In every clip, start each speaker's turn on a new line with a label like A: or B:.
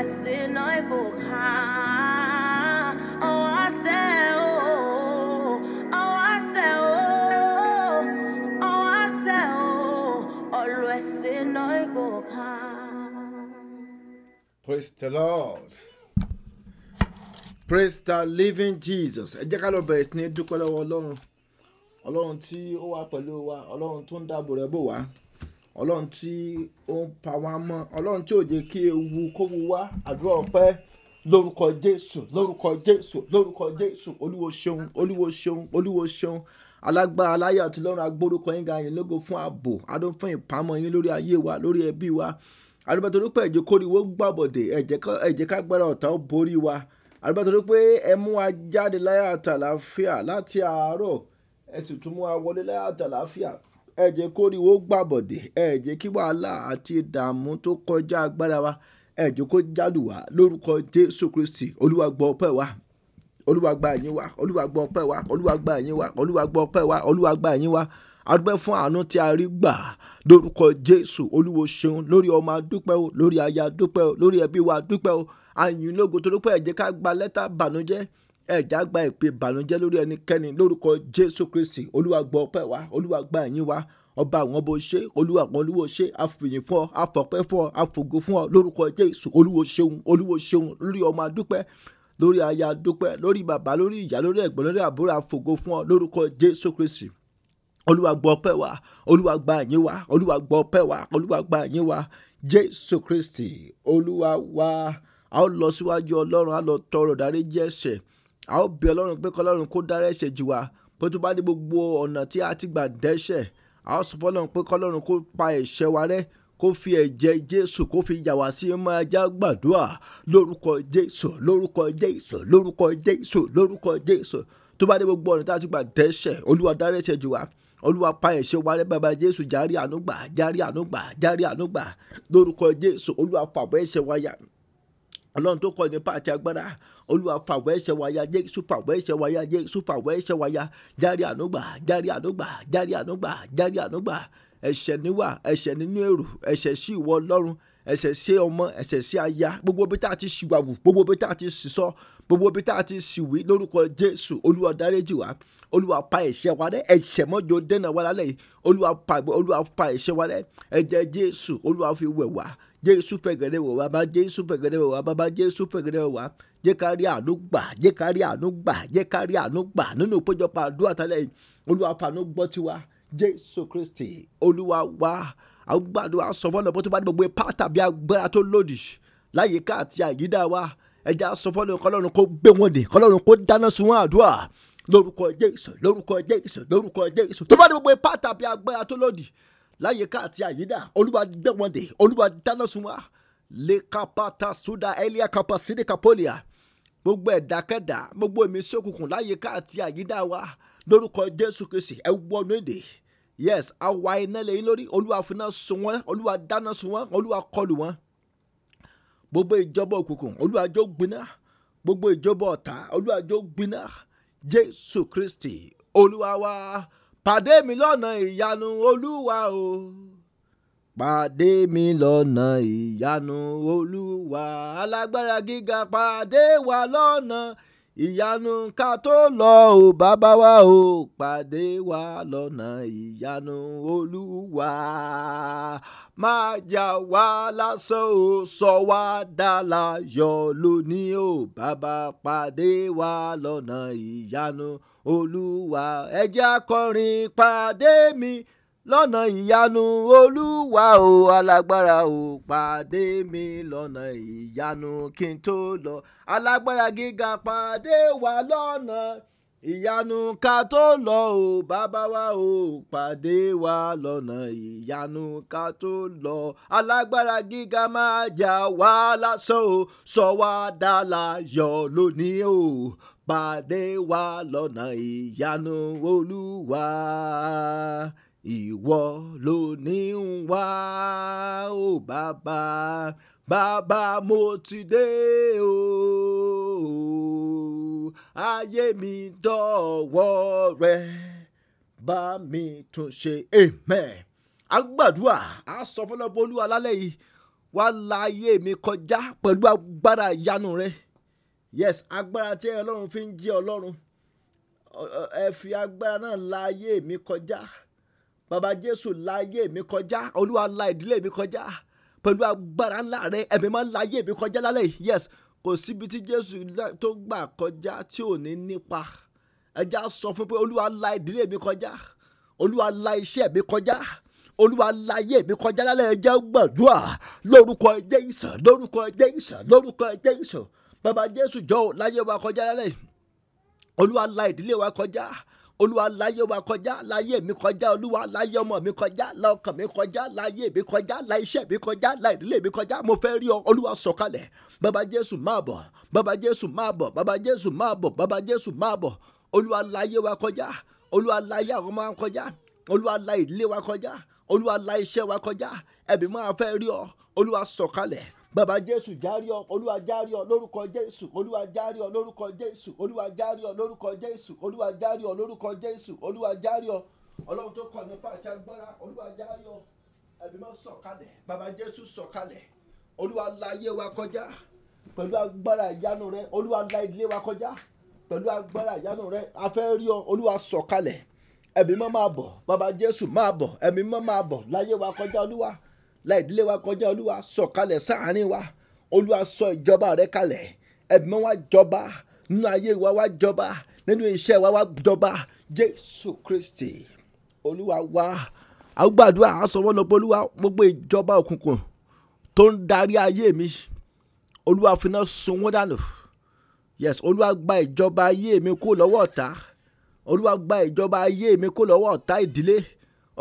A: Praise the
B: Lord. Praise the living Jesus. Ẹ jẹ́ ká lọ bẹ̀rẹ̀ sí ní dúpẹ́ lọ́wọ́ Ọlọ́run. Ọlọ́run tí ó wà pẹ̀lú wa, Ọlọ́run tó ń dáàbò rẹ̀ bò wá. ọlọ́run tí ó ń pa wá mọ́ ọlọ́run tí ò jẹ́ kí ewu kówó wá àdúrà ọpẹ́ lórúkọ jésù lórúkọ jésù lórúkọ jésù olúwo ṣeun olúwo ṣeun olúwo ṣeun alágbára aláyà tí lọ́run agbórúkọ yín ga yín lógo fún ààbò adún fún ìpamọ́ yín lórí ayé wa lórí ẹbí wa àdúgbàtòlópẹ̀ ẹ̀jẹ̀ kóríwó gbàbọ̀dẹ̀ ẹ̀jẹ̀ kágbára ọ̀tá ó borí wa àdúgbàtòlópẹ̀ ẹ mú wa jáde láyà àtàlàáfíà láti àárọ̀ ẹ sì tún mú wa wọlé láyà àtàlàáfíà ẹ jẹ́ kóríwó gbàbọ̀dẹ̀ ẹ jẹ́ kí wàhálà àti ìdààmú tó kọjá agbára wa ẹ jẹ́ kó jálù wá lórúkọ Jésù Kristi Olúwa gbọ́ ọpẹ́ wa Olúwa gba ẹ̀yìn wa Olúwa gbọ́ ọpẹ́ wa Olúwa gba ẹ̀yìn wa Olúwa gbọ́ ọpẹ́ wa Olúwa gba ẹ̀yìn wa adúpẹ́ fún àánú tí a rí gbà lórúkọ Jésù Olúwo ṣeun lórí ọmọ adúpẹ́ o lórí aya adúpẹ́ o lórí ẹbí wa adúpẹ́ o àyìnlógo torí pé ẹ jẹ́ ká gba lẹ́tà bànújẹ́ ẹ̀já gba ìpè ìbànújẹ́ lórí ẹnikẹ́ni lórúkọ Jésù Kristi olúwa gbọ́ wa olúwa gba ẹ̀yìn wa ọba àwọn bó ṣe olúwa àwọn olúwo ṣe àfìyìn fún ọ àfọpẹ́ fún ọ àfògo fún ọ lórúkọ Jésù olúwo ṣeun olúwo ṣeun lórí ọmọ adúpẹ́ lórí aya adúpẹ́ lórí bàbá lórí ìyá lórí ẹ̀gbọ́n lórí àbúrò àfògo fún ọ lórúkọ Jésù Kristi olúwa gbọ́ ọpẹ́ wa olúwa gba ẹ̀yìn wa olúwa gbọ́ ọpẹ́ wa olúwa gba ẹ̀yìn wa Jésù Kristi olúwa wa a ó lọ síwájú Ọlọ́run a lọ tọrọ dáríjì ẹ̀ṣẹ̀ a ó bẹ ọlọ́run pé kọlọ́run kó dára ẹ̀ṣẹ̀ jì wá bó tó bá dé gbogbo ọ̀nà tí a ti gbà dẹ́ṣẹ̀ a ó sọ fọlọ́run pé kọlọ́run kó pa ẹ̀ṣẹ̀ wa rẹ́ kó fi ẹ̀jẹ̀ jésù kó fi yà wá sí máa já gbàdúrà lórúkọ jésù lórúkọ jésù lórúkọ jésù lórúkọ jésù tó bá dé gbogbo ọ̀nà tí a ti gbà dẹ́ṣẹ̀ olúwa dára ẹ̀ṣẹ̀ jì wá olúwa pa ẹ̀ṣẹ̀ wa rẹ́ bàbá jésù járí àánú gbà járí àánú gbà járí àánú gbà lórúkọ jésù olúwa pàbọ̀ ẹ̀ṣẹ̀ wa yà ọlọ́run tó kọ́ nípa àti agbára olúwa fàwọ́ ẹ̀ṣẹ̀ wáyà jésù fàwọ́ ẹ̀ṣẹ̀ wáyà jésù fàwọ́ ẹ̀ṣẹ̀ wáyà járe ànúgbà járe ànúgbà járe ànúgbà járe ànúgbà ẹ̀ṣẹ̀ níwà ẹ̀ṣẹ̀ nínú èrò ẹ̀ṣẹ̀ sí ìwọ ọlọ́run ẹ̀ṣẹ̀ sí ọmọ ẹ̀ṣẹ̀ sí aya gbogbo bí tá a ti ṣìwàwù gbogbo bí tá a ti ṣìṣọ gbogbo bí tá a ti ṣìwí lórúkọ jésù olúwa dáríjì wá olúwa pa ẹ̀ṣẹ̀ wa rẹ́ ẹ̀ṣẹ̀ mọ́jọ dẹ́nà wa lálẹ́ yìí olúwa pa olúwa pa ẹ̀ṣẹ̀ wa rẹ́ ẹ̀jẹ̀ jésù olúwa fi wẹ̀ wá jésù fẹ̀gẹ̀dẹ̀ wẹ̀ wá bá jésù fẹ̀gẹ̀dẹ̀ wẹ̀ wá bàbá jésù fẹ̀gẹ̀dẹ̀ wẹ̀ wá jẹ́ ká rí àánú gbà jẹ́ ká rí àánú gbà jẹ́ ká rí àánú gbà nínú ìpéjọpọ̀ àdúrà tálẹ̀ yìí olúwa fàánú gbọ́ tiwa jésù kristi olúwa wá àgbàdua sọfọlọ bó tó bá ní gbogbo ipá tàbí agbára kọlọ́run kó gbé wọn dè kọlọ́run kó dáná sun wọn àdúrà lórúkọ jésù lórúkọ jésù lórúkọ jésù tó bá ní gbogbo ipá tàbí agbára tó lòdì láyìíká àti àyídà olúwa gbé wọn dè olúwa dáná sun wá lè kápátá sódà ẹlíà kápá sídìí kápólìà gbogbo ẹ̀dákẹ́dá gbogbo èmi sókùnkùn láyìíká àti àyídà wa lórúkọ jésù kristi ẹ wọnú èdè yes àwa iná lẹ́yìn lórí olúwa fúnná sun wọn olúwa dáná sun wọn olúwa kọlù wọn gbogbo ìjọba òkùnkùn olúwa jó gbiná gbogbo ìjọba ọ̀tá olúwa jó gbiná jésù kristi olúwa wa pàdé mi lọ́nà ìyanu olúwa o pàdé mi lọ́nà ìyanu olúwa alágbára gíga pàdé wa lọ́nà ìyanu ká tó lọ o bàbá wa o pàdé wa lọ́nà ìyanu olúwa máa jà wá lásán o sọ wá dàlà yọ lónìí o bàbá pàdé wa lọ́nà ìyanu olúwa ẹ jẹ́ akọrin pàdé mi lọ́nà ìyanu olúwa o alágbára o pàdé mi lọ́nà ìyanu kí n tó lọ alágbára gíga pàdé wa lọ́nà ìyanu ká tó lọ o bàbá wa o pàdé wa lọ́nà ìyanu ká tó lọ alágbára gíga máa jà wá lásán o sọ wá dá láyọ̀ lónìí o pàdé wa lọ́nà ìyanu olúwa ìwọ ló ní ń wá ó bàbá bàbá mo ti dé o ayé mi dọ̀wọ́ rẹ bá mi tún ṣe amen. agbàdúrà a sọ fọlọ́pọ̀ olúwa lálẹ́ yìí wá la ayé mi kọjá pẹ̀lú agbára ìyanu rẹ yes agbára tí ọlọ́run fi ń jẹ́ ọlọ́run ẹ fi agbára náà la mi kọjá. Baba jésù la ayé mi kọjá olúwa la ìdílé mi kọjá pẹ̀lú agbára ńlá rẹ ẹ̀mí máa ń la ayé mi kọjá lálẹ́ yìí yes kò síbi tí jésù tó gbà kọjá tí ò ní nípa ẹja sọ fún pé olúwa la ìdílé mi kọjá olúwa la iṣẹ́ mi kọjá olúwa la ayé mi kọjá lálẹ́ ẹja gbàdúrà lórúkọ ẹjẹ́ ìsàn lórúkọ ẹjẹ́ ìsàn lórúkọ ẹjẹ́ ìsàn bàbá jésù jọ̀ọ́ láyé wa kọjá lálẹ́ olúwa la ìdílé wa kọjá olúwa láyé wa kọjá láyé mi kọjá olúwa láyé ọmọ mi kọjá lọ́kàn mi kọjá láyé mi kọjá láìṣẹ́ mi kọjá láìdílé mi kọjá mo fẹ́ rí ọ olúwa sọ̀kalẹ̀ bàbá jésù máa bọ̀ bàbá jésù máa bọ̀ bàbá jésù máa bọ̀ bàbá jésù máa bọ̀ olúwa láyé wa kọjá olúwa láyé àwọn ọmọ wa kọjá olúwa láìdílé wa kọjá olúwa láìṣẹ́ wa kọjá ẹ̀bí máa fẹ́ rí ọ olúwa sọ̀kalẹ̀ bàbá jésù járí ọ olúwa járí ọ lórúkọ jésù olúwa járí ọ lórúkọ jésù olúwa járí ọ lórúkọ jésù olúwa járí ọ lórúkọ jésù olúwa járí ọ ọlọ́run tó kọ̀ nípa àti agbára olúwa járí ọ ẹ̀mí mọ́ sọ̀kalẹ̀ bàbá jésù sọ̀kalẹ̀ olúwa la ayé wa kọjá pẹ̀lú agbára ìyanu rẹ olúwa la ilé wa kọjá pẹ̀lú agbára ìyanu rẹ a fẹ́ rí ọ olúwa sọ̀kalẹ̀ ẹ̀mí mọ́ máa bọ̀ bàbá jésù máa bọ̀ ẹ̀mí mọ́ máa bọ̀ láyé wa kọjá olúwa la ìdílé wa kọjá olúwa sọ̀kalẹ̀ sáàárín wa olúwa sọ ìjọba rẹ kalẹ̀ ẹ̀mí wa jọba nínú ayé wa wá jọba nínú iṣẹ́ wa wá jọba jésù kristi olúwa wa àgbàdua àsọwọ́nọpọ̀ olúwa gbogbo ìjọba òkùnkùn tó ń darí ayé mi olúwa finá sun wọ́n dànù yes olúwa gba ìjọba ayé mi kó lọ́wọ́ ọ̀tá olúwa gba ìjọba ayé mi kó lọ́wọ́ ọ̀tá ìdílé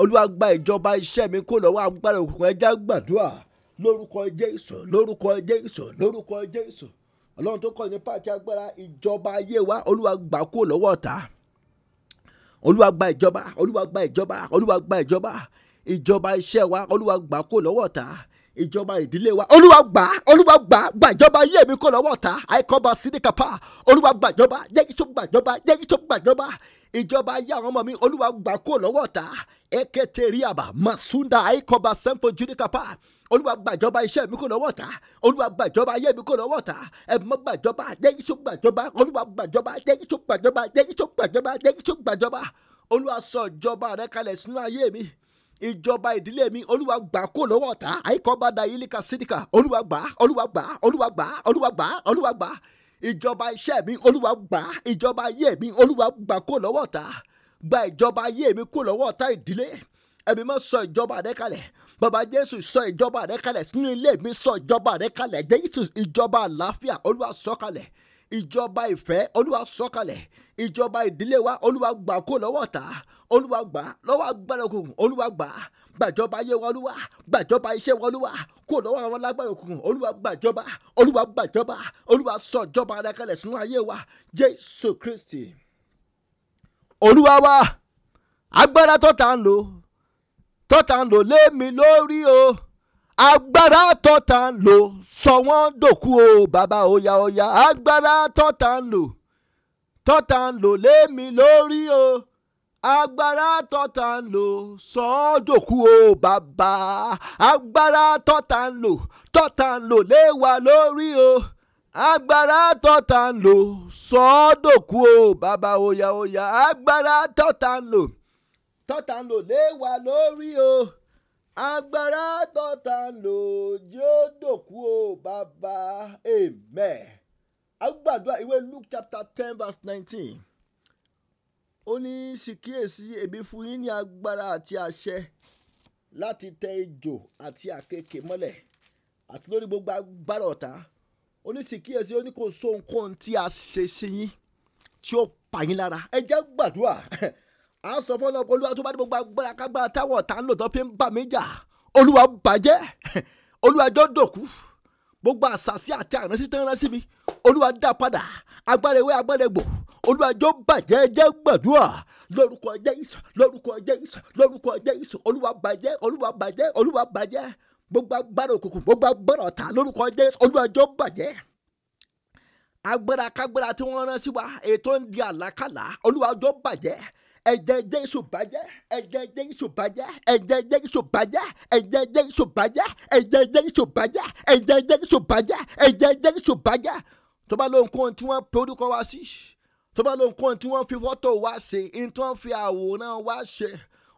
B: olúwa gba ìjọba iṣẹ́ mi kó lọ́wọ́ agbára òkùnkùn ẹja gbàdúrà lórúkọ jésù lórúkọ jésù lórúkọ jésù ọlọ́run tó kọ̀ ní pàtí agbára ìjọba ayé wa olúwa gbà kó lọ́wọ́ ọ̀tá olúwa gba ìjọba olúwa gba ìjọba olúwa gba ìjọba ìjọba iṣẹ́ wa olúwa gbà kó lọ́wọ́ ọ̀tá ìjọba ìdílé wa olúwa gbà olúwa gbà gbàjọba yé mi kó lọ́wọ́ ta àìkọ́ba sídìkàpá olúwa gbàjọba jẹ́kí tó gbàjọba jẹ́kí tó gbàjọba ìjọba ayé àwọn ọmọ mi olúwa gbà kó lọ́wọ́ ta eketeriaba masunda àìkọ́ba sẹ́ńpọ̀ jùdìkàpá olúwa gbàjọba iṣẹ́ mi kò lọ́wọ́ ta olúwa gbàjọba ayé mi kò lọ́wọ́ ta ẹ̀mọ́ gbàjọba jẹ́kí tó gbàjọba olúwa gbàjọba jẹ́kí tó gbàjọba jẹ́kí tó gbàjọba jẹ́kí tó gbàjọba olúwa sọ ìjọba rẹ kalẹ̀ sínú ayé mi ìjọba ìdílé mi olúwa gbà kó lọ́wọ́ ọ̀tá àyíkọ́ba da yílíkà sídìkà olúwa gbà olúwa gbà olúwa gbà olúwa gbà olúwa gbà ìjọba iṣẹ́ mi olúwa gbà ìjọba ayé mi olúwa gbà kó lọ́wọ́ ọ̀tá gba ìjọba ayé mi kó lọ́wọ́ ọ̀tá ìdílé ẹ̀mí mọ́ sọ ìjọba rẹ kalẹ̀ bàbá jésù sọ ìjọba rẹ kalẹ̀ sínú ilé mi sọ ìjọba rẹ kalẹ̀ jésù ìjọba àlàáfíà olúwa sọ kalẹ̀ ìjọba ìfẹ́ olúwa sọ kalẹ̀ ìjọba ìdílé wa olúwa gbà kó lọ́wọ́ ọ̀tá olúwa gbà lọ́wọ́ agbára òkùnkùn olúwa gbà gbàjọba ayé wa olúwa gbàjọba iṣẹ́ wa olúwa kó lọ́wọ́ àwọn alágbára òkùnkùn olúwa gbàjọba olúwa gbàjọba olúwa sọ ìjọba sínú ayé wa jésù kristi olúwa wa agbára tọ́ta ń lò tọ́ta ń lò lé lórí o agbára tọ́ta ń lò sọ wọ́n dòkú o bàbá oya oya agbára tọ́ta ń lò tọ́ta ń lò lé lórí o agbára tọ́ta ń lò sọ́ọ́dọ̀kú o bàbá agbára tọ́ta ń lò tọ́ta ń lò léwa lórí o agbára tọ́ta ń lò sọ́ọ́dọ̀kú o bàbá oya oya agbára tọ́ta ń lò tọ́ta ń lò léwa lórí o agbára tọ́ta ń lò yóòdọ̀kú o bàbá amen. a ìwé Luke chapter ten verse nineteen ó ní ṣìkíyèsí ebi fún yín ní agbára àti àṣẹ láti tẹ ejò àti àkekè mọ́lẹ̀ àti lórí gbogbo agbára ọ̀tá ó ní ṣìkíyèsí ó ní kò so nǹkan tí a ṣe ṣe yín tí ó pa yín lára ẹ jẹ́ gbàdúrà a sọ fún ọlọ́pàá olúwa tó bá dé gbogbo agbára kágbára táwọn ọ̀tá ń lò tó fi ń bà mí jà olúwa bàjẹ́ olúwa jọ́ dòkú gbogbo àṣàṣì àti àránsí tó ń rán sí mi olúwa dá padà agbára ewé agbára egbò olùwàjọ bàjẹ́ jẹ́ gbàdúrà lórúkọ Jésù lórúkọ Jésù lórúkọ Jésù olúwa bàjẹ́ olúwa bàjẹ́ olúwa bàjẹ́ gbogbo agbára òkùnkùn gbogbo agbára ọ̀tá lórúkọ Jésù olùwàjọ bàjẹ́ agbára kágbára tí wọ́n rán sí wa ètò ń di àlákàlà olùwàjọ bàjẹ́ ẹ̀jẹ̀ Jésù bàjẹ́ ẹ̀jẹ̀ Jésù bàjẹ́ ẹ̀jẹ̀ Jésù bàjẹ́ ẹ̀jẹ̀ Jésù bàjẹ́ ẹ̀jẹ̀ Jésù bàjẹ́ ẹ̀jẹ̀ Jésù bàjẹ́ ẹ̀jẹ̀ Jésù bàjẹ́ tó bá lóhun kóhun tí wọ́n pe orúkọ wa sí tó bá lóun kún tí wọ́n fi fọ́tò wá ṣe ní tí wọ́n fi àwòrán wá ṣe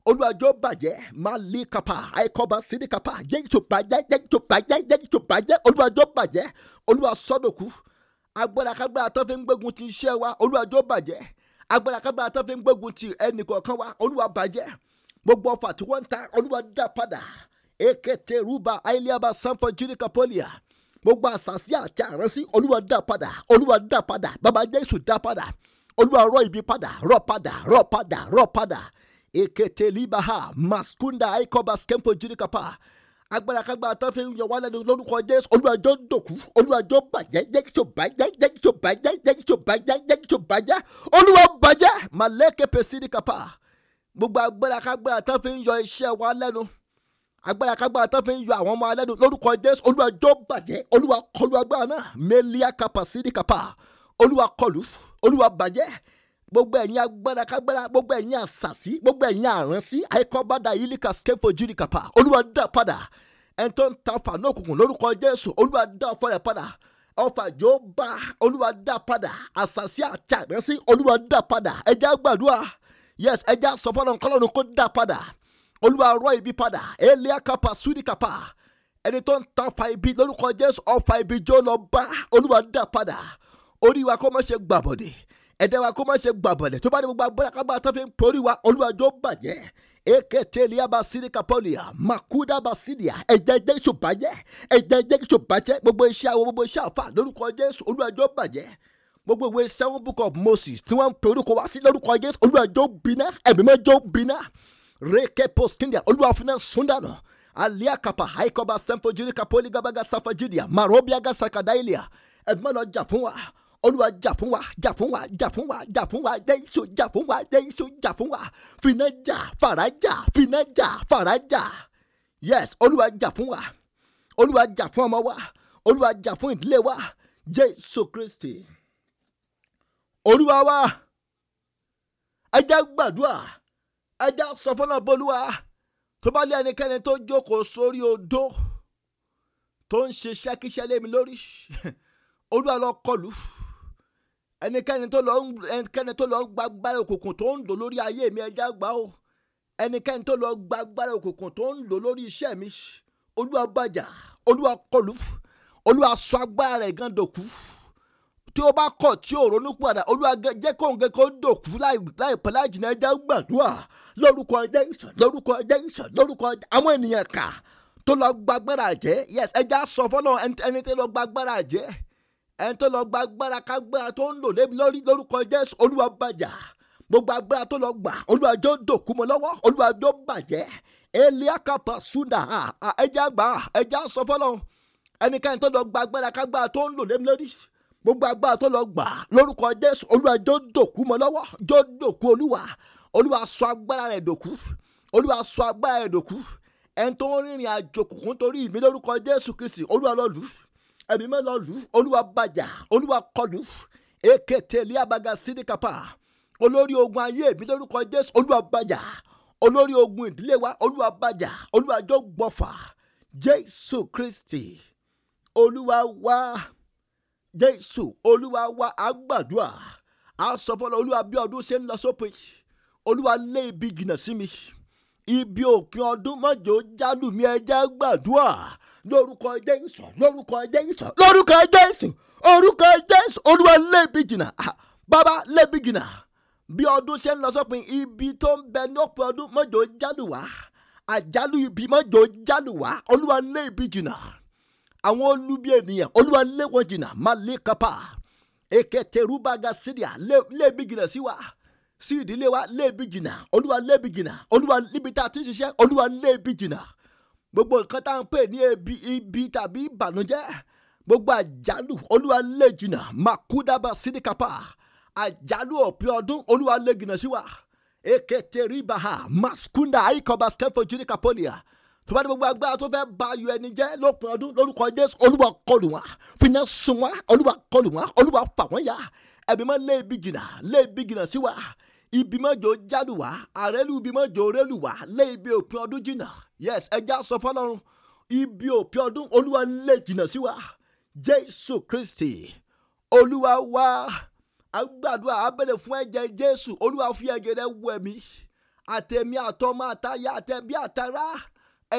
B: olùwàjọ bàjẹ́ máa lé kapa àìkọ́ba sídìí kapa jẹ́jì tó bàjẹ́ jẹ́jì bàjẹ́ jẹ́jì bàjẹ́ olùwàjọ bàjẹ́ olúwa sọ́dọ̀kú agbára tó fi ń gbógun ti iṣẹ́ wa olùwàjọ bàjẹ́ agbára kágbára tó fi ń gbógun ti ẹnì wa olúwa bàjẹ́ gbogbo ọfà tí wọ́n ń ta olúwa dá padà èkété rúbà àìlíàbà sanfọ jírìkà pọ́lìà gbogbo àṣàṣì àti àránsí olúwa dá padà olúwa dá padà bàbá jésù dá padà olúwa rọ ibi padà rọ padà rọ padà rọ padà èkété libaha maskunda aikobas kempo jirikapa agbára kágbára tán fi ń yọ wá lẹ́nu lórúkọ jésù olúwa jọ dòkú olúwa jọ bàjẹ́ jẹ́kítò bàjẹ́ jẹ́kítò bàjẹ́ jẹ́kítò bàjẹ́ jẹ́kítò bàjẹ́ olúwa bàjẹ́ màlẹ́kẹ̀pẹ̀ sídìkápá gbogbo agbára kágbára tán fi ń yọ iṣẹ́ wa lẹ́nu agbára kágbára tó fi ń yọ àwọn ọmọ alẹ́nu lórúkọ jésù olúwa jọ bàjẹ́ olúwa kọlu agbára náà mẹ́líà kapa sídìí kapa olúwa kọlu olúwa bàjẹ́ gbogbo ẹ̀yin agbára kágbára gbogbo ẹ̀yin àṣàsí gbogbo ẹ̀yin àránsí àìkọ́bádà yìí líka skepo jírí kapa olúwa dá padà ẹni tó ń ta fàánù òkùnkùn lórúkọ jésù olúwa dá ọ̀fọ̀ rẹ̀ padà ọfà jọ bá olúwa dá padà àṣàsí àti àránsí olúwa dá padà ẹjẹ́ àgbàdua yes ẹjẹ́ àsọfọ́nà kọ́lọ́run kó dá padà olúwa rọ ibi padà elia kapa sudi kapa ẹni tó ń ta fa ibi lórúkọ jésù ọfà ibi jó lọ bá olúwa dá padà orí wa kó má ṣe gbàbọ̀dẹ̀ ẹ̀dá wa kó má ṣe gbàbọ̀dẹ̀ tó bá ní gbogbo agbára kábàá tó fi ń porí wa olúwa jó bàjẹ́ eketelia basiri kapolia makuda basidia ẹ̀jẹ̀ ẹ̀jẹ̀ kìí ṣòbàjẹ́ ẹ̀jẹ̀ ẹ̀jẹ̀ kìí ṣòbàjẹ́ gbogbo iṣẹ́ àwọn gbogbo iṣẹ́ àfà lórúkọ jésù olúwa jó bàjẹ́ gbogbo ìwé seven book of moses tí wọ́n ń pe orúkọ wá sí lórúkọ jésù olúwa jó bínà ẹ̀mí mẹ́jọ bínà rekepo skindia olúwa fúnẹ sundana aliakapa haikoba sẹmpojiri kapoli gabaga safajidia marobiaga sakadailia ẹgbọn lọ jà fún wa olúwa jà fún wa jà fún wa jà fún wa Faraja. fún wa yes olúwa jà fún wa olúwa jà fún ọmọ wa olúwa jà ìdílé wa jésù kristi olúwa wa ẹ jẹ́ gbàdúrà ẹja sọ fọlọ́ bolúwa tó bá lé ẹnikẹ́ni tó jókòó sórí odó tó ń ṣe ṣẹ́kíṣẹ́ lé mi lórí olúwa lọ kọlù ẹnikẹ́ni tó lọ ẹnikẹ́ni tó lọ gba agbára òkùnkùn tó ń lò lórí ayé mi ẹja gbà ó ẹnikẹ́ni tó lọ gba agbára òkùnkùn tó ń lò lórí iṣẹ́ mi olúwa bàjá olúwa kọlù olúwa sọ agbára rẹ̀ gan dòkú tí ó bá kọ̀ tí ó ronú padà olúwa jẹ́ kó nǹkan kó dòkú láìpẹ́ láìjìnà ẹjẹ́ gbàdúrà lórúkọ ẹjẹ́ ìṣọ̀ lórúkọ ẹjẹ́ ìṣọ̀ lórúkọ ẹjẹ́ àwọn ènìyàn kà tó lọ gbàgbára jẹ́ yes ẹjẹ́ sọ fọ́nà ẹni tó lọ gbàgbára jẹ́ ẹni tó lọ gbàgbára kágbára tó ń lò lébi lórí lórúkọ ẹjẹ́ olúwa bàjá gbogbo agbára tó lọ gbà olúwa jọ dòkú mọ́ lọ́wọ́ olúwa jọ bàjẹ́ eliakapa sunda ẹjẹ́ àgbà ẹjẹ́ sọ fọ́nà ẹnikẹ́ni tó lọ gbàgbára kágbára tó ń lò lébi lórí gbogbo agbára tó lọ gbà lórúkọ jésù olúwa jọ dòkú mọ́ lọ́wọ́ jọ dòkú olúwa olúwa sọ agbára rẹ̀ dòkú olúwa sọ agbára rẹ̀ dòkú ẹni tó ń rìnrìn àjò kùkùn torí mi lórúkọ jésù kristi olúwa lọ lù ẹ̀mí mọ́ lọ lù olúwa bàjà olúwa kọlù èkété liabaga sídìkápá olórí ogun ayé mi lórúkọ jésù olúwa bàjà olórí ogun ìdílé wa olúwa bàjà olúwa jọ gbọfà jésù kristi olúwa wá. Wa jésù olúwa wa á gbàdúrà á sọ fọlọ olúwa bí ọdún ṣe ń lọ sópin olúwa lé ibi jìnnà sí mi ibi òpin ọdún mọ́jọ jálù mi ẹjẹ́ gbàdúrà lórúkọ jésù lórúkọ jésù lórúkọ jésù orúkọ jésù olúwa lé ibi jìnnà bàbá lé ibi jìnnà bí ọdún ṣe ń lọ sópin ibi tó ń bẹ ní òpin ọdún mọ́jọ jálù wá àjálù ibi mọ́jọ jálù wá olúwa lé ibi jìnnà àwọn olubi ènìyàn olúwa lé wọn jìnnà má lé kápá èkéterubaga sídìá lébi jìnnà sí wa sí ìdílé wa lébi jìnnà olúwa lébi jìnnà olúwa níbi tá a ti ń ṣiṣẹ́ olúwa lébi jìnnà gbogbo nǹkan tá à ń pè ní ebi ibi tàbí ìbànújẹ́ gbogbo àjálù olúwa lé jìnnà makudaba sídìkápá àjálù òpin ọdún olúwa lé jìnnà sí wa èkéteribaha maskunda ayikọba skẹfọ jìnnà kapolia tó bá ní gbogbo agbára tó fẹ́ ba ayọ̀ ẹni jẹ́ lópin ọdún lórúkọ jésù olúwa kọlù wọn fúnẹ́ sun wọn olúwa kọlù wọn olúwa fà wọ́n yà ẹ̀bí mọ́ lé ibi jìnnà lé ibi jìnnà sí wa ibi mọ́jọ jádù wá àrẹ́lù ibi mọ́jọ rẹ́lù wá lé ibi òpin ọdún jìnnà yes ẹja sọ fọlọ́run ibi òpin ọdún olúwa lé jìnnà sí wa jésù kristi olúwa wá agbàdúrà abẹ́rẹ́ fún ẹ̀jẹ̀ jésù olúwa fi ẹ̀jẹ̀ rẹ̀ wẹ̀ mí àtẹ̀mí àtọmọ àtayá àtẹ̀mí àtará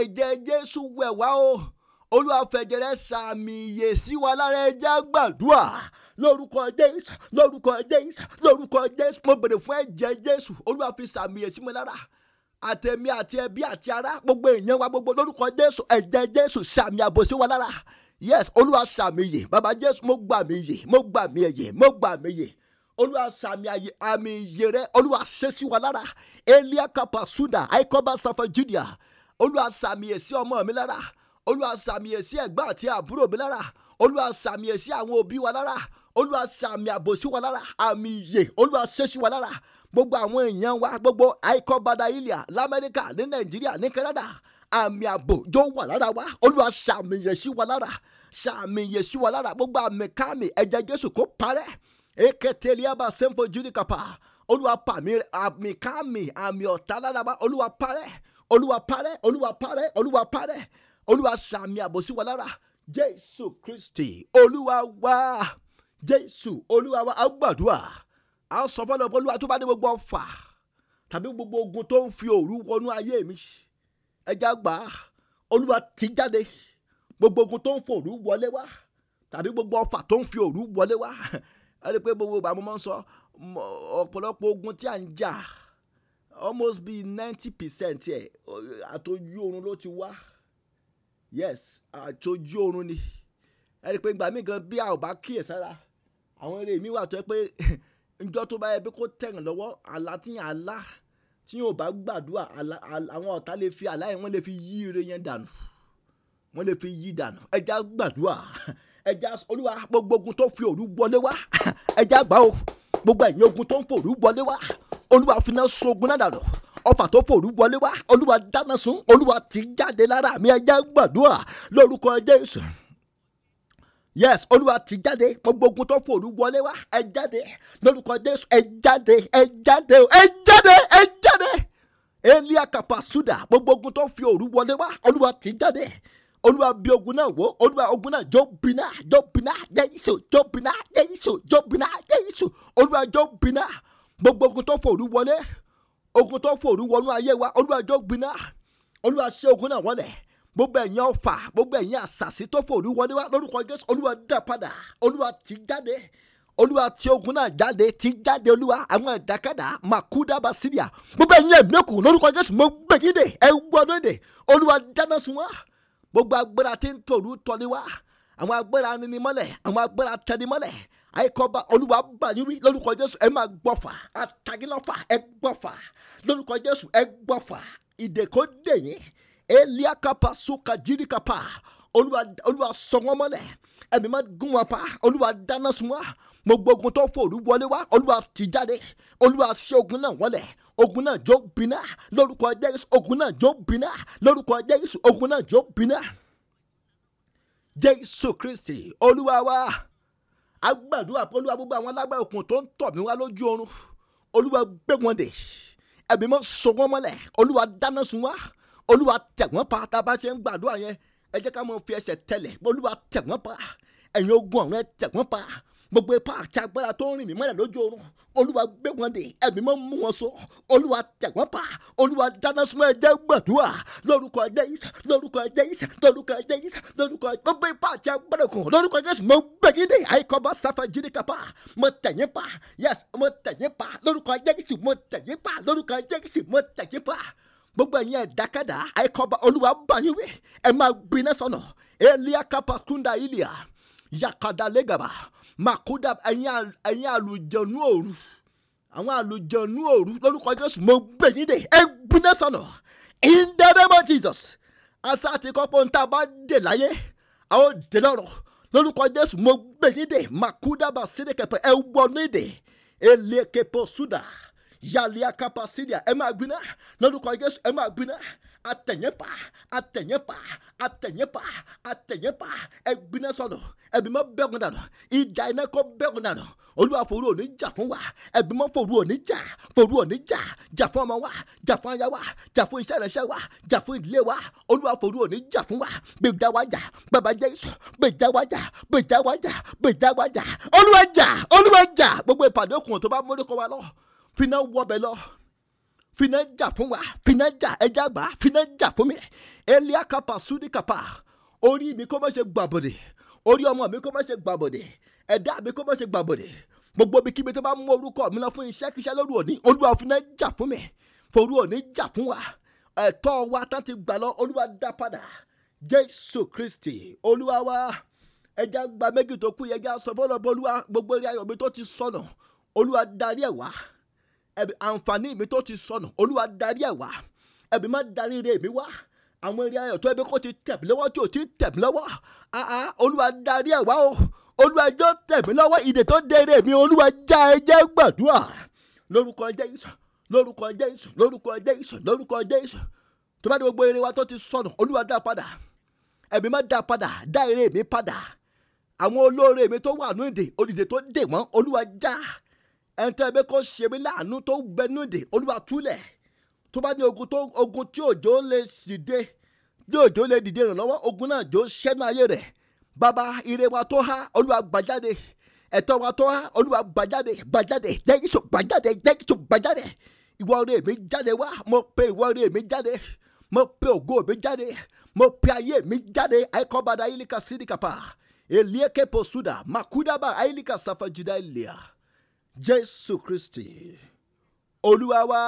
B: ẹ̀jẹ̀ jésù wẹ̀ wá o olúwa fẹ̀jẹ̀ rẹ̀ sàmì ìyè sí wa lára ẹ̀jẹ̀ gbàdúrà lórúkọ jésù lórúkọ jésù lórúkọ jésù mo bèrè fún ẹ̀jẹ̀ jésù olúwa fi sàmì ìyè sí mi lára àtẹ̀mí àti ẹbí àti ará gbogbo èèyàn wa gbogbo lórúkọ jésù ẹ̀jẹ̀ jésù sàmì àbòsí wa lára yes olúwa sàmì ìyè bàbá jésù mo gbà mí ìyè mo gbà mí ẹ̀yẹ mo gbà mí ìyè olúwa sàmì àmì ìyè rẹ olúwa ṣe sí wa lára eliakapa suda àìkọ́bá safa judea olúwa sàmì èsì ọmọ mi lára olúwa sàmì èsì ẹ̀gbọ́n àti àbúrò mi lára olúwa sàmì èsì àwọn òbí wa lára olúwa sàmì àbòsí wa lára àmì ìyè olúwa ṣẹ́sí wa lára gbogbo àwọn èèyàn wa gbogbo àìkọ́bada ilẹ̀ lamẹ́ríkà ní nàìjíríà ní kẹ́nẹ́dà àmì àbò wà lára wa olúwa sàmì yèsí wa lára sàmì yèsí wa lára gbogbo àmì káàmì ẹ̀jẹ̀ jésù kó parẹ́ èkétélé àbá sẹ́ńpọ̀ jùdí kàpá olúwa pàmì àmì káàmì àmì ọ̀tá lára wa olúwa parẹ́ olúwa parẹ́ olúwa parẹ́ olúwa parẹ́ olúwa sàmì àbòsí wa lára jésù kristi olúwa wá jésù olúwa wá a gbàdúrà a sọ fọlọ olúwa tó bá dé gbogbo ọfà tàbí gbogbo ogun tó ń fi òru wọnú ayé mi ẹja gbà á olúwa ti jáde gbogbo ogun tó ń fi òru wọlé wá tàbí gbogbo ọfà tó ń fi òru wọlé wá ẹ pé gbogbo ìgbà mo máa ń sọ ọ̀pọ̀lọpọ̀ ogun tí à ń jà almost be ninety percent ẹ̀ àtọ́jú oorun ló ti wá yes àtọ́jú oorun ni ẹni pé gbà mí gan bí a ò bá kíyè sára àwọn eré mi wà tó yẹ pé njọ́ tó bá yẹ pé kó tẹ̀yìn lọ́wọ́ àlá tí yàn àlá tí yàn ò bá gbàdúrà àwọn ọ̀tá lè fi àlá yẹn wọ́n lè fi yí ire yẹn dànù wọ́n lè fi yí dànù ẹja gbàdúrà ẹja olúwa gbogbo ogun tó fi òru wọlé wá ẹja gbà ó gbogbo ẹ̀yin ogun tó ń fòru wọlé wá olúwa finá sogun náà dànù ọfà tó fòrú wọlé wá olúwa dáná sun olúwa ti jáde lára mi ẹjẹ gbàdúrà lórúkọ jésù yes olúwa ti jáde gbogbo ogun tó fòrú wọlé wá ẹ jáde lórúkọ jésù ẹ jáde ẹ jáde ẹ jáde ẹ jáde elia kapasuda gbogbo ogun tó fi òru wọlé wá olúwa ti jáde olúwa bí ogun náà wò olúwa ogun náà jó bínà jó bínà jẹ́ ìṣó jó bínà jẹ́ ìṣó jó bínà jẹ́ ìṣó olúwa jó bínà gbogbo ogun tó fòrú wọlé ogun tó fòrú wọnú ayé wa olúwa jọ̀ọ́ gbiná olúwa ṣe ogun náà wọlẹ̀ gbogbo ẹ̀yin ọ̀fà gbogbo ẹ̀yin àṣàṣì tó fòrú wọlé wa lórúkọ jésù olúwa dá padà olúwa ti jáde olúwa tí ogun náà jáde ti jáde olúwa àwọn ìdákàdá makuda basilia gbogbo ẹ̀yin ẹ̀mí òkùnkùn lórúkọ jésù mo gbẹ̀gídè ẹ gbọ́dọ̀ èdè olúwa dáná sun wá gbogbo agbára tí ń tòrú tọ́lé wá àwọn agbára nínú mọ́lẹ̀ àwọn agbára tẹni mọ́lẹ̀ àìkọ́ba olúwa gbà yín wí lórúkọ jésù ẹ máa gbọ́fà àtàgínlọ́fà ẹ gbọ́fà lórúkọ jésù ẹ gbọ́fà ìdèkódè yín eliakapa sukajirikapa olúwa sọ wọ́n mọ́lẹ̀ ẹ̀mí máa gún wọn pa olúwa dáná sun wọn mo gbógun tó fòrú wọlé wá olúwa ti jáde olúwa ṣe ogun náà wọlẹ̀ ogun náà jó bínà lórúkọ jésù ogun náà jó bínà lórúkọ jésù ogun náà jó bínà jésù kristi olúwa wa a gbàdúrà pé olúwa gbogbo àwọn alágbára òkun tó ń tọ̀ mí wá lójú oorun olúwa gbé wọn dè ẹ̀mí mọ́ so wọ́n mọ́lẹ̀ olúwa dáná sun wá olúwa tẹ̀ wọ́n pa tá a bá ṣe ń gbàdúrà yẹn ẹ jẹ́ ká mọ fi ẹsẹ̀ tẹ̀lẹ̀ olúwa tẹ̀ pa ẹ̀yin ogun ọ̀run ẹ tẹ̀ pa gbogbo ipa àti agbára tó ń rìn mí mọ́lẹ̀ lójú oorun olúwa gbé wọn dè ẹ̀mí mọ́ mú wọn so olúwa tẹ̀ wọ́n pa olúwa dáná súnmọ́ ẹ̀jẹ̀ gbàdúrà lórúkọ ẹ̀jẹ̀ yìí lórúkọ ẹ̀jẹ̀ yìí lórúkọ ẹ̀jẹ̀ yìí lórúkọ gbogbo ipa àti agbára kan lórúkọ Jésù mo gbẹ̀yìn dè àìkọ́bá sáfà jírí kapa mo tẹ̀yìn pa yes mo tẹ̀yìn pa lórúkọ ẹ̀jẹ̀ yìí mo pa lórúkọ ẹ̀jẹ̀ yìí mo pa gbogbo ẹ̀yin ẹ̀dákẹ́dá àìkọ́bá olúwa bàyìnwé ẹ̀ máa gbiná sọ̀nà eliakapa kunda ilia yakada legaba makodab ẹ̀yin àlùjọ̀nú oru, àwọn àlùjọ̀nú oru. lórúkọ jésù mo gbé yín dè ẹ in the name of jesus asa àti kọ́pọ̀ ń tá a bá dè láyé a ó lọ́rọ̀ lórúkọ jésù mo gbé yín dè makodaba sídìkẹpẹ ẹ wọnú ìdè elekepo suda yàlẹ́ akapa sídìà ẹ máa gbiná lórúkọ jésù ẹ máa gbiná atẹ̀yẹ́pà atẹ̀yẹ́pà atẹ̀yẹ́pà atẹ̀yẹ́pà ẹgbiná sọnù ẹbímọ bẹ́gun dànù ìdá iná kọ́ bẹ́gun dànù olúwa fòru òní jà fún wa ẹbímọ fòru òní jà fòru òní jà jà fún ọmọ wa jà fún aya wa jà fún iṣẹ́ ìrẹsẹ̀ wa jà fún ìdílé wa olúwa fòru òní jà fún wa gbèjà wa jà bàbá Jésù gbèjà wa jà gbèjà wa jà gbèjà wa jà olúwa jà olúwa jà gbogbo ìpàdé okùn tó bá mórí kọ wa lọ fi náà wọ bẹ finá jà fún wa finá jà ẹja gbà finá jà fún mi elia kapa sudi kapa orí mi kó má ṣe gbàbọ̀dẹ̀ orí ọmọ mi kó má ṣe gbàbọ̀dẹ̀ ẹ̀dá mi kó má ṣe gbàbọ̀dẹ̀ gbogbo ibikíbi tó bá mú orúkọ mi lọ fún iṣẹ́ kíṣẹ́ lóru òní olúwa finá jà fún mi forú òní jà fún wa ẹ̀tọ́ wa tán ti gbà lọ olúwa dá padà jésù kristi olúwa wa ẹja gba méjì tó kú yẹn ẹja sọ fọlọ bọlúwa gbogbo eré ayọ̀ mi tó ti sọnà olúwa darí ẹ̀ wá ẹ̀bí àǹfààní mi tó ti sọnù olúwa darí ẹ̀ wá ẹ̀bí má darí rẹ̀ mi wá àwọn eré ayọ̀ ẹbí kò ti tẹ̀mí lọ́wọ́ tí ò ti tẹ̀mí lọ́wọ́ olúwa darí ẹ̀ wá o olúwa jọ tẹ̀mí lọ́wọ́ ìdè tó dèrè mi olúwa já ẹ jẹ́ gbàdúrà lórúkọ Jésù lórúkọ Jésù lórúkọ Jésù lórúkọ Jésù tó bá dé gbogbo eré wa tó ti sọnù olúwa dá padà ẹ̀mí má dá padà dá eré mi padà àwọn olóore mi tó wà ní ìdè olùdè tó dè wọ́n olúwa já ẹnitẹ́ ẹbí kò ṣe mí láàánú tó gbẹnúdè olúwa túlẹ̀ tó bá ní ogun tó ogun tí òjò lè sìdé tí òjò lè dìde ìrànlọ́wọ́ ogun náà jò ṣẹ́nu ayé rẹ̀ bàbá ire wa tó há olúwa gbàjáde ẹ̀tọ́ wa tó há olúwa gbàjáde gbàjáde jẹ́kíṣù gbàjáde jẹ́kíṣù gbàjáde ìwọ rẹ̀ mi jáde wá mo pe ìwọ rẹ̀ mi jáde mo pe ògo mi jáde mo pe ayé mi jáde àìkọ́badà ayélujá sídìkàpà èlíẹ́kẹ́pọ̀ sùdà màkúdàbà ayélujá sàfàjìdá ìlẹ̀yà jésù kristi olúwa wa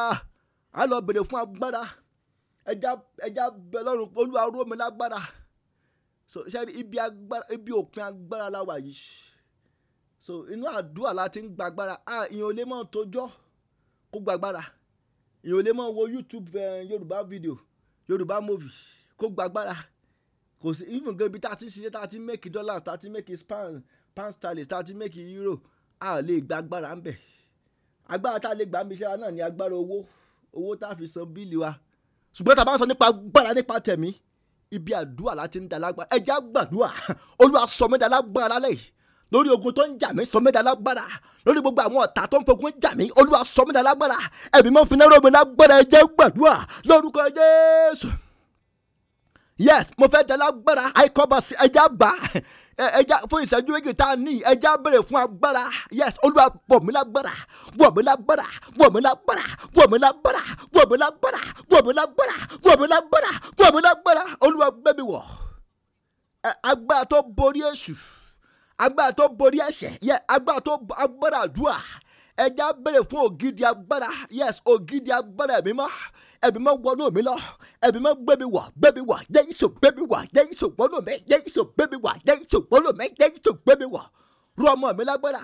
B: a lọ bèrè fún agbára ẹja ẹja bẹ lọ́rùn olúwa ró mi lágbára so ṣe ibi agbára ibi òpin agbára la wà yìí so inú àdúrà la ti ń gba agbára ah ìyẹn ò lè mọ̀ tójọ́ kó gba agbára ìyẹn ò lè mọ̀ wo youtube uh, yorùbá video yorùbá movie kó gba agbára kò sí even gan ibi tá a ti ń ṣiṣẹ́ tá a ti ń make dollar tá a ti ń make pound pound sterling tá a ti ń make euro a ò lè gba agbára ń bẹ̀ agbára tá a lè gbà ń bí iṣẹ́ náà ni agbára owó owó tá a fi san bíìlì wa ṣùgbọ́n tá a bá ń sọ nípa agbára nípa tẹ̀mí ibi àdúrà láti ń da lágbára ẹ jẹ́ á gbàdúrà olúwa sọ mí da lálẹ́ yìí lórí ogun tó ń jà mí sọ mí da lágbára lórí gbogbo àwọn ọ̀tá tó ń fogun jà mí olúwa sọ mí da lágbára ẹ̀mí mọ́ fi náírà omi lágbára ẹ jẹ́ á lórúkọ jésù yes mo fẹ́ da lágbára àìkọ́bàsí ẹ jẹ́ á ẹja fún ìṣẹ́jú méjì tá a ní ẹja béèrè fún agbára yes olúwa wọ̀ mí lágbára wọ̀ mí lágbára wọ̀ mí lágbára wọ̀ mí lágbára wọ̀ mí lágbára wọ̀ mí lágbára wọ̀ mí lágbára wọ̀ mí lágbára olúwa gbẹ́mi wọ̀ agbára tó borí èṣù agbára tó borí ẹ̀ṣẹ̀ yẹ agbára tó agbára àdúrà ẹja béèrè fún ògidì agbára yes ògidì agbára ẹ̀mí mọ́ ẹ̀mí mọ́ wọnú mi lọ ẹ̀mí mọ́ gbẹ̀mí wà gbẹ̀mí wà Jésù gbẹ̀mí wà Jésù wọnú mi Jésù gbẹ̀mí wà Jésù wọnú mi Jésù gbẹ̀mí wà rọ ọmọ mi lágbára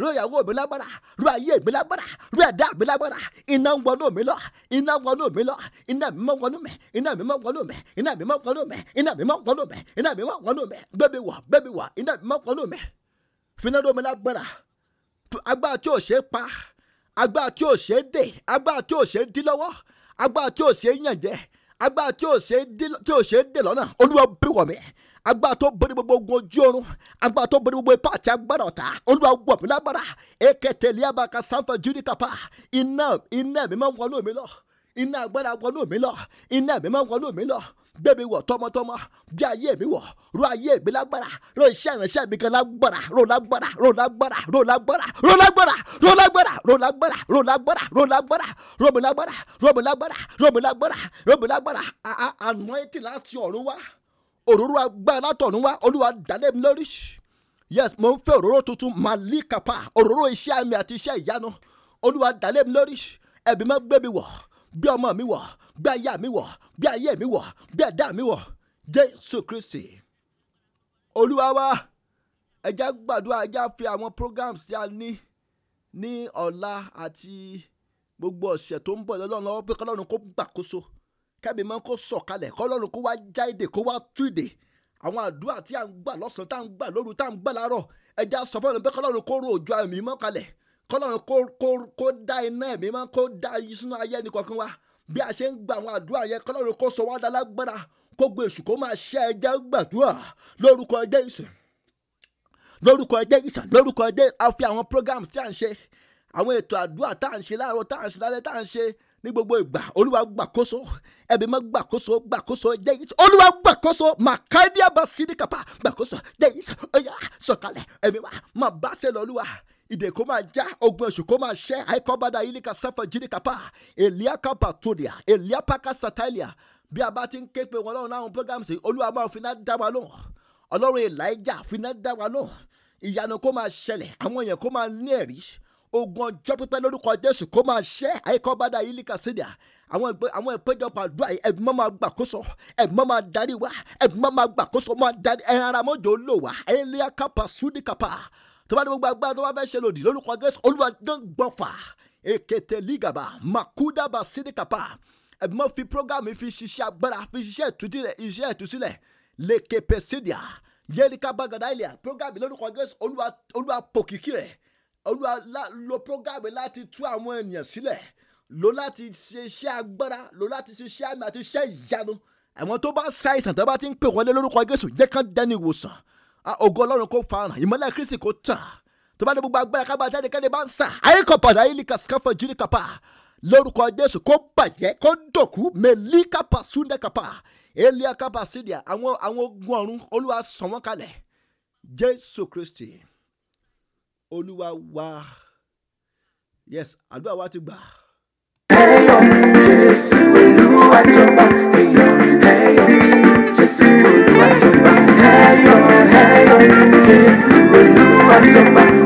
B: ró ìyàwó mi lágbára ró ayé mi lágbára ró ẹ̀dá mi lágbára iná ń wọnú mi lọ iná ń wọnú mi lọ iná mi mọ́ wọnú mi iná mi mọ́ wọnú mi iná mi mọ́ wọnú mi iná mi mọ́ wọnú mi iná mi mọ́ wọnú mi bébí wà bébí wà iná mi mọ́ wọnú mi finado mi lágbára agbára tí ò ṣe é pa agbára tí ò ṣe é dè agbára tí ò ṣe é dí lọ́wọ́ agbára tí ò ṣe é yàn jẹ agbára tí ò ṣe é dè lọ́nà olúwa bí wọ̀ mí agbára tó borí gbogbo ogun ojú oorun agbára tó borí gbogbo ipá àti agbára ọ̀tá olúwa wọ̀ mí lágbára èké tẹ̀lé abaka judikapa iná iná mi máa ń wọnú mi lọ iná agbára wọnú mi lọ iná mi máa ń wọnú mi lọ gbé mi wọ̀ tọmọtọmọ bí ayé mi wọ̀ ro ayé mi lágbára ro iṣẹ́ ìránṣẹ́ mi kan lágbára ro lágbára ro lágbára ro lágbára ro lágbára ro lágbára ro lágbára ro lágbára ro lágbára ro mi lágbára ro mi lágbára ro mi lágbára ro mi lágbára anointing láti ọ̀run wá òróró agbára látọ̀run wá olúwa dálé mi lórí yes mo ń fẹ́ òróró tuntun màlí kàpá òróró iṣẹ́ mi àti iṣẹ́ ìyanu olúwa dálé mi lórí ẹ̀bí mọ́ gbé mi wọ̀ gbé ọmọ mi wọ̀ gbé aya mi wọ̀ gbé ayé mi wọ̀ gbé ẹ̀dá mi wọ̀ jésù kristi olúwa wa gbàdúrà ẹ fi àwọn programs tí a ní ní ọ̀la àti gbogbo ọ̀sẹ̀ tó ń bọ̀ lọ́lọ́run lọ́wọ́ pé kọ́lọ́run kó gbàkóso kẹ́mi mọ́ kó sọ̀kalẹ̀ kọ́lọ́run kó wá já èdè kó wá tú èdè àwọn àdúrà tí à ń gbà lọ́sàn-án tá à ń gbà lóru tá à ń gbà láàárọ̀ ẹ sọ fún ẹni pé kọ́lọ́run kó rò òjò àmì mọ́ kalẹ̀ kọ́lọ́run kó kó kó dá iná ẹ̀mí mọ́ kó dá sínú ayé ẹnì kọ̀ọ̀kan wa bí a ṣe ń gba àwọn àdúrà yẹn kọ́lọ́run kó sọ wá dá lágbára kó gbé èṣù kó máa ṣẹ́ ẹjẹ́ gbàdúrà lórúkọ ẹjẹ́ ìṣẹ̀ lórúkọ ẹjẹ́ ìṣẹ̀ lórúkọ ẹjẹ́ a fi àwọn programs tí à ń ṣe àwọn ètò àdúrà tá à ń ṣe láàárọ̀ tá à ń ṣe lálẹ́ tá à ń ṣe ní gbogbo ìgbà olúwa gbàkóso ẹbí mọ gbàkóso gbàkóso jẹyìí olúwa gbàkóso màkàdíàbà sídìkàpà gbàkóso jẹyìí ọyà sọ̀kalẹ̀ ẹbí wa máa bá ṣe lọ olúwa ìdè kó máa já ogun èṣù kó máa ṣẹ́ àìkọ́bádà ilika sáfà jìnnìkápá eliaka batoria eliapaka satalia bí a bá ti ń ké pe wọn lọ́run láwọn programs yìí olúwa máa fi náà dá wa lóhùn ọlọ́run elijah fi náà dá wa lóhùn ìyanu kó máa ṣẹlẹ̀ àwọn èèyàn kó máa ní ẹ̀rí ogun ọjọ́ pípẹ́ lórúkọ jésù kó máa ṣẹ́ àìkọ́bádà ilika sídìá àwọn ìpè àwọn ìpéjọpọ̀ àdúrà yìí ẹ̀mí máa gbàkóso ẹ̀mí máa darí wa ẹ̀mí máa gbàkóso máa darí ẹ̀ràn ara mọ́jọ́ lò wá ẹ̀ẹ́lẹ́yà kápá súdìkápá tó bá dé gbogbo agbára tó bá fẹ́ ṣe lòdì lórúkọ Jésù olúwa dán gbọ́fà èkété lígàbà màkúdàbà sídìkàpà ẹ̀bí mọ́ fi prógámù fi ṣiṣẹ́ agbára fi ṣiṣẹ́ ìtúsílẹ̀ iṣẹ́ ìtúsílẹ̀ lèkèpè sídìà yẹ́ríkà bàgàdà ilẹ̀ prógámù lórúkọ Jésù olúwa pòkìkì rẹ̀ olúwa lo prógámù láti tú àwọn ènìyàn sílẹ̀ lo láti ṣiṣẹ́ agbára lo láti ṣiṣẹ́ àmì àti iṣẹ́ ìyanu àwọn tó bá ṣàìsàn tó bá ti ń pè wọlé lórúkọ Jésù jẹ́ kán dẹni ìwòsàn ògo ọlọ́run kó fa hàn ìmọ́lẹ̀ kristi tàn tó bá ní gbogbo agbára kábàá jáde kẹ́ni bá ń sà àyíkọ̀pàdà ayélujá skáfọ̀ jírí kàpà lórúkọ jésù kó bàjẹ́ kó dòkú mẹ́lí kàpà súndẹ̀ kàpà elia kàpà sídìá àwọn àwọn ogun ọ̀run olúwa sàn wọ́n kalẹ̀ jésù kristi olúwa wa yes àdúrà wa ti gbà.
C: ẹyọ jésù olúwa jọba ẹyọ ẹyọ jésù olúwa jọba ẹyọ. hang on, chase with you until my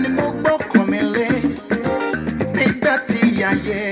C: ni mo gbọ́kàn mi lé nígbà tí ayé.